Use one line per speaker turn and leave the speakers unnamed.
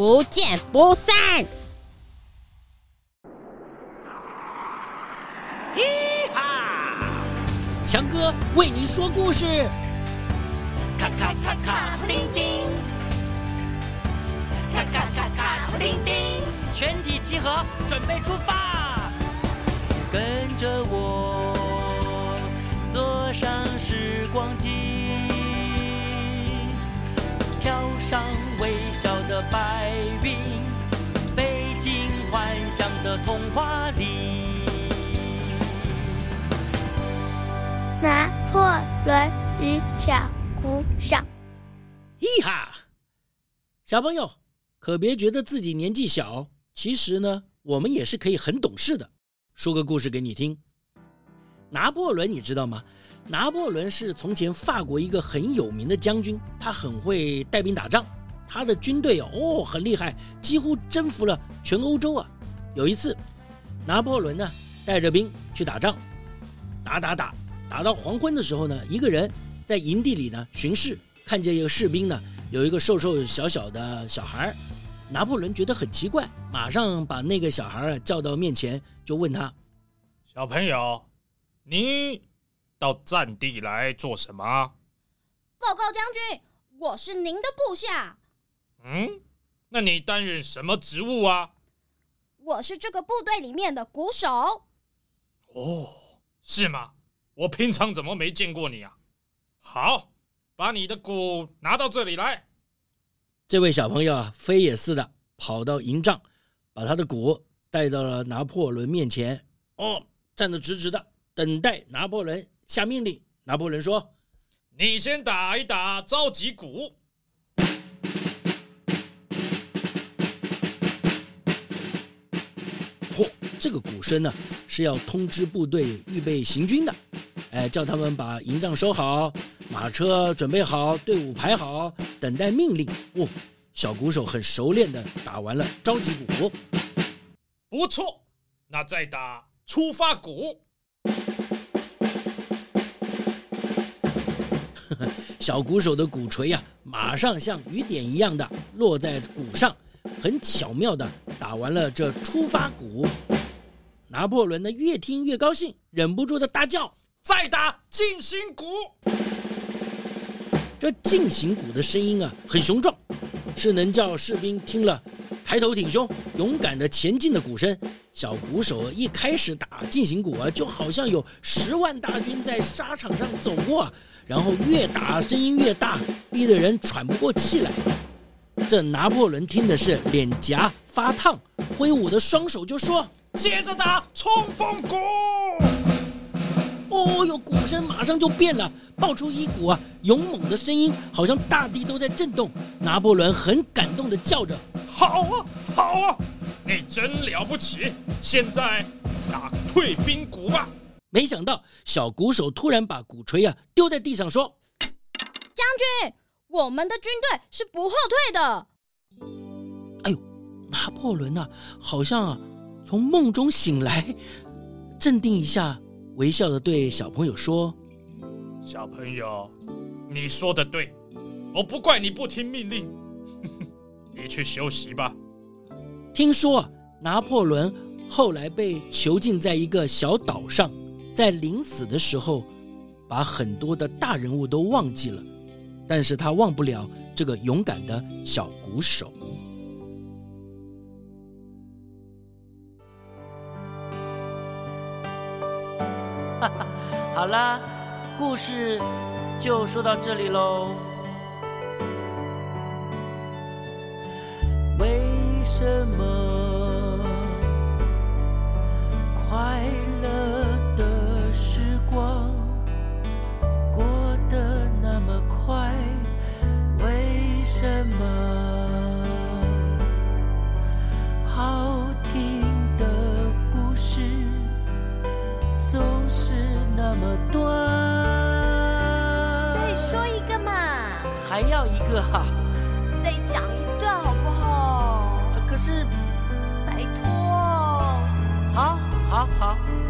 不見不散！
一哈，強哥為你說故事。咔咔咔咔，叮叮。咔咔咔咔，叮叮。全體集合，準備出發。跟着我，坐上時光機。白雲飛進幻想的童話裡。
拿
破崙與小鼓手，嘻哈！小朋友，可別覺得自己年紀小，其實呢，我們也是可以很懂事的。說個故事給你聽。拿破崙，你知道嗎？拿破崙是從前法國一個很有名的將軍，他很會帶兵打仗。他的軍隊哦，很厲害，幾乎征服了全歐洲啊！有一次，拿破崙呢帶着兵去打仗，打打打，打到黃昏的時候呢，一個人在營地裡呢巡視，看見一個士兵呢，有一個瘦瘦小小的小孩。拿破崙覺得很奇怪，馬上把那個小孩啊叫到面
前，就問他：“小朋友，你到戰地來做什麼？”“報告將軍，我是您的部下。”嗯，那你擔任什麼職務啊？“我是這個部隊裡面的鼓手。哦，是嗎？我平常怎麼沒見過你啊？好，把你的鼓拿到這裡來。”
這位小朋友啊，飛也似的跑到營帳，把他的鼓帶到了拿破崙面前。哦，站得直直的，等待拿破崙下命令。拿破崙說：“
你先打一打召集鼓。”
這個鼓聲呢，是要通知部隊預備行軍的，哎，叫他們把營帳收好，馬車準備好，隊伍排好，等待命令。哦，小鼓手很熟練的打完了召集鼓。
不錯，那再打出發鼓。
小鼓手的鼓槌呀，馬上像雨點一樣的落在鼓上，很巧妙的打完了這出發鼓。拿破崙呢，越聽越高興，忍不住的大叫：“再打進行鼓！”這進行鼓的聲音啊，很雄壯，是能叫士兵聽了抬頭挺胸、勇敢地前進的鼓聲。小鼓手一開始打進行鼓啊，就好像有十萬大軍在沙場上走過，然後越打聲音越大，逼得人喘不過氣來。這拿破崙聽的是臉頰發燙，揮舞的雙手就說：“接着打衝鋒鼓！”哦呦，鼓聲馬上就變了，爆出一股啊勇猛的聲音，好像大地都在震動。拿破崙很感動地叫着：“好啊，好啊，你真了不起！”現在打退兵鼓吧。沒想到小鼓手突然把鼓槌啊丟在地上，說：“
將軍。”我們的軍隊是不後退的。
哎呦，拿破崙吶、啊，好像、啊、從夢中醒來，鎮定一下，微笑地對小朋友說：“
小朋友，你說得對，我不怪你不聽命令。 你去休息吧。”
聽說、啊、拿破崙後來被囚禁在一個小島上，在臨死的時候，把很多的大人物都忘記了。但是他忘不了這個勇敢的小鼓手。哈哈，好啦，故事就說到這裡嘍。是那麼多，再說一個嘛，還要一個哈、
啊，再講
一段好不好？可是，拜託，好，好，好。